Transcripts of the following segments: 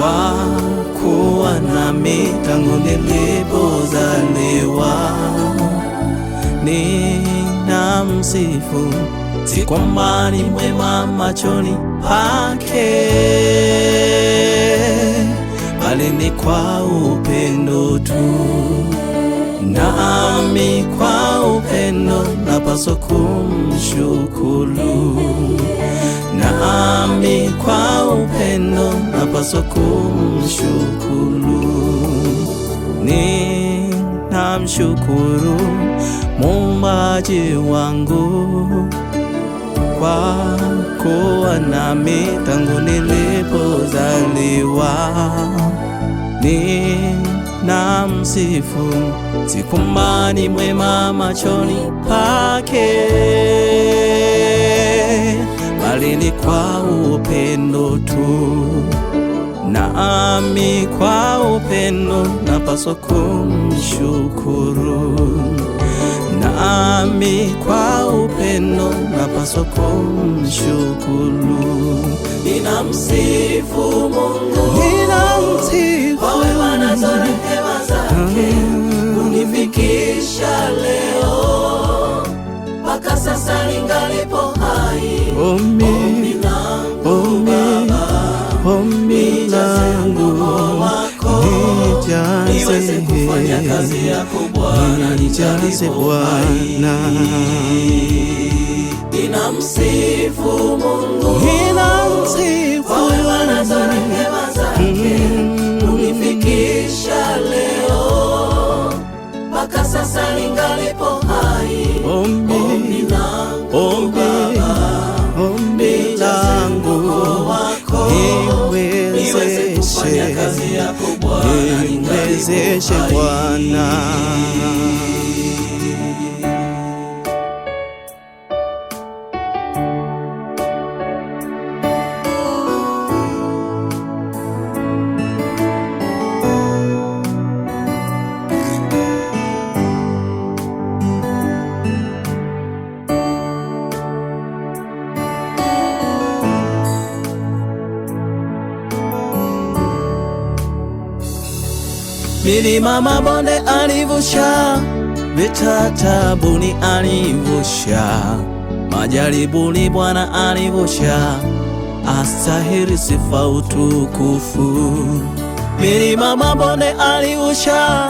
kwa kuwa nami tangu nilipozaliwa. Ninamsifu, si kwamba ni mwema machoni pake, bali ni kwa upendo tu. Nami kwa upendo napaswa kumshukuru nami kwa upendo napaswa kumshukuru. namshukuru muumbaji wangu kwa kuwa nami tangu nilipozaliwa. Ninamsifu, sikumbani mwema machoni pake bali ni kwa upendo tu, nami kwa upendo napaswa kumshukuru, nami kwa upendo napaswa kumshukuru, ninamsifu Mungu Nina kazi yako Bwana nijaze Bwana. Ninamsifu Mungu, ninamsifu Bwana kwa rehema zake mm-hmm. unifikisha leo mpaka sasa ningalipo hai. Ombi, ombi nirejeshe Bwana. Milima, mabonde alivusha, vita, taabuni alivusha, majaribuni Bwana alivusha, astahili sifa, utukufu. Milima, mabonde alivusha,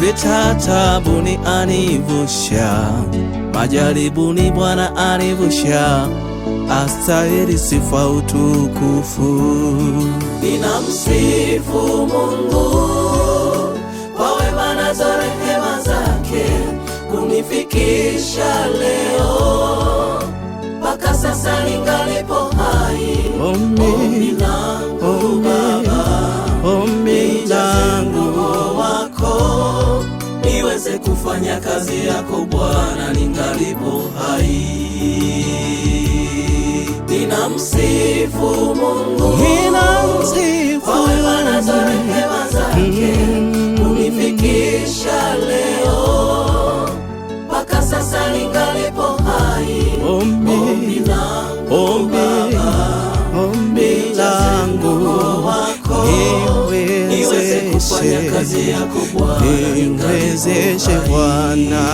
vita, taabuni alivusha, majaribuni Bwana alivusha, astahili sifa, utukufu. Ninamsifu Mungu zijazo rehema zake kunifikisha leo mpaka sasa ningalipo hai. Ombi langu Baba, ombi langu wako, niweze kufanya kazi yako Bwana ningalipo hai. Ninamsifu Mungu niwezeshe Bwana.